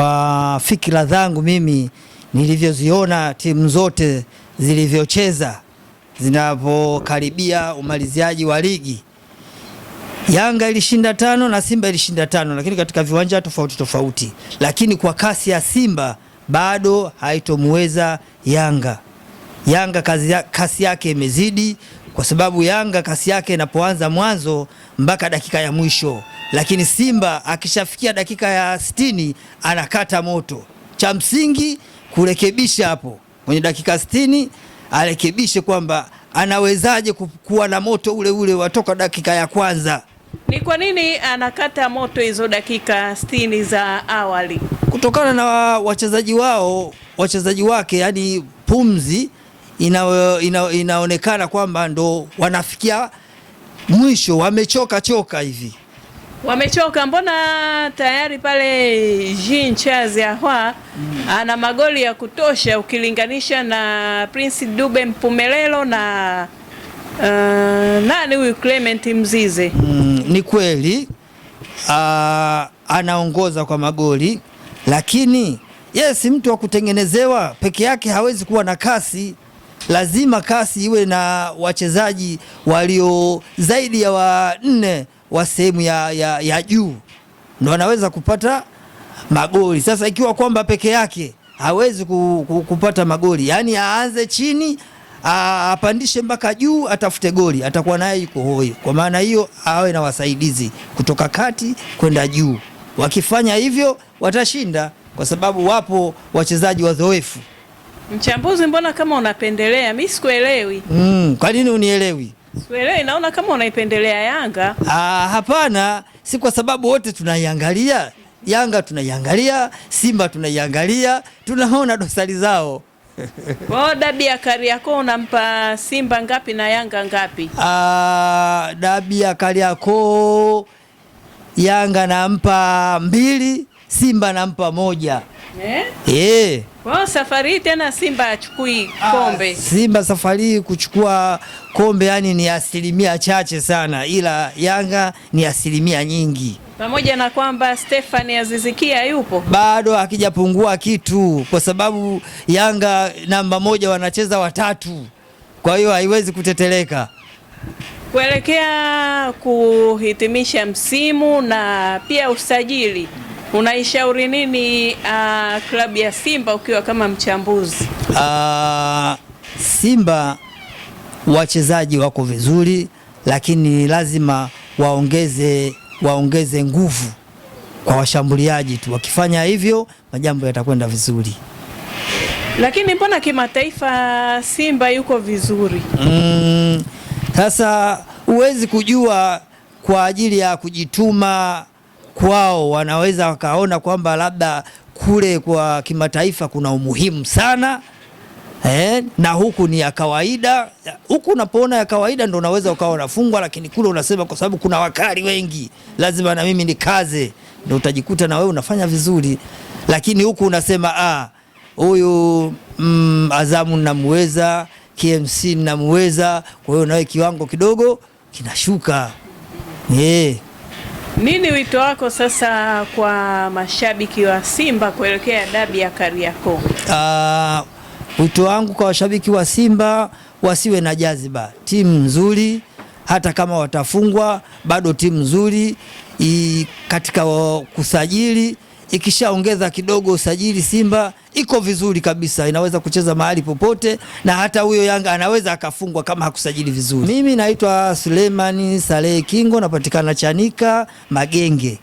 Kwa fikira zangu mimi nilivyoziona timu zote zilivyocheza zinapokaribia umaliziaji wa ligi, Yanga ilishinda tano na Simba ilishinda tano, lakini katika viwanja tofauti tofauti, lakini kwa kasi ya Simba bado haitomweza Yanga. Yanga kasi yake imezidi kwa sababu Yanga kasi yake inapoanza mwanzo mpaka dakika ya mwisho, lakini Simba akishafikia dakika ya sitini anakata moto. Cha msingi kurekebisha hapo kwenye dakika sitini, arekebishe kwamba anawezaje kuwa na moto ule ule watoka dakika ya kwanza. Ni kwa nini anakata moto hizo dakika sitini za awali? Kutokana na wachezaji wao, wachezaji wake, yani pumzi ina, ina, inaonekana kwamba ndo wanafikia mwisho, wamechoka choka hivi wamechoka mbona tayari pale Jean Charles Ahoua mm. ana magoli ya kutosha ukilinganisha na Prince Dube Mpumelelo na uh, nani huyu Clement Mzize mm, ni kweli uh, anaongoza kwa magoli, lakini yes, mtu wa kutengenezewa peke yake hawezi kuwa na kasi lazima kasi iwe na wachezaji walio zaidi ya wanne wa sehemu ya, ya, ya juu ndo anaweza kupata magoli. Sasa ikiwa kwamba peke yake hawezi ku, ku, kupata magoli, yaani aanze chini apandishe mpaka juu atafute goli, atakuwa naye yuko hoi. Kwa maana hiyo awe na wasaidizi kutoka kati kwenda juu. Wakifanya hivyo watashinda, kwa sababu wapo wachezaji wazoefu Mchambuzi, mbona kama unapendelea? Mimi sikuelewi. Mm, kwa nini unielewi? Sikuelewi, naona kama unaipendelea Yanga. Ah, hapana, si kwa sababu wote tunaiangalia Yanga, tunaiangalia Simba, tunaiangalia, tunaona dosari zao. Kwa oh, dabi ya Kariakoo unampa Simba ngapi na Yanga ngapi? Ah, dabi ya Kariakoo Yanga nampa mbili, Simba nampa moja. Eh? Eh. Kwa safari tena Simba achukui ah, kombe. Ah, Simba safari kuchukua kombe yani ni asilimia chache sana, ila Yanga ni asilimia nyingi, pamoja na kwamba Stefani Azizikia yupo bado hakijapungua kitu, kwa sababu Yanga namba moja wanacheza watatu, kwa hiyo haiwezi kuteteleka kuelekea kuhitimisha msimu na pia usajili Unaishauri nini uh, klabu ya Simba ukiwa kama mchambuzi? Uh, Simba wachezaji wako vizuri, lakini lazima waongeze waongeze nguvu kwa washambuliaji tu. Wakifanya hivyo majambo yatakwenda vizuri. Lakini mbona kimataifa Simba yuko vizuri? Mm, sasa mm, huwezi kujua kwa ajili ya kujituma kwao wanaweza wakaona kwamba labda kule kwa kimataifa kuna umuhimu sana eh, na huku ni ya kawaida. Huku unapoona ya kawaida ndo unaweza ukawa unafungwa, lakini kule unasema kwa sababu kuna wakali wengi, lazima na mimi nikaze, ndio utajikuta na wewe unafanya vizuri. Lakini huku unasema ah, huyu mm, Azamu namweza, KMC namweza, kwa hiyo nawe kiwango kidogo kinashuka yeah. Nini wito wako sasa kwa mashabiki wa Simba kuelekea dabi ya Kariakoo? Uh, wito wangu kwa washabiki wa Simba wasiwe na jaziba, timu nzuri hata kama watafungwa bado timu nzuri katika kusajili ikishaongeza kidogo usajili, Simba iko vizuri kabisa, inaweza kucheza mahali popote, na hata huyo Yanga anaweza akafungwa kama hakusajili vizuri. Mimi naitwa Suleimani Salehe Kingo, napatikana Chanika Magenge.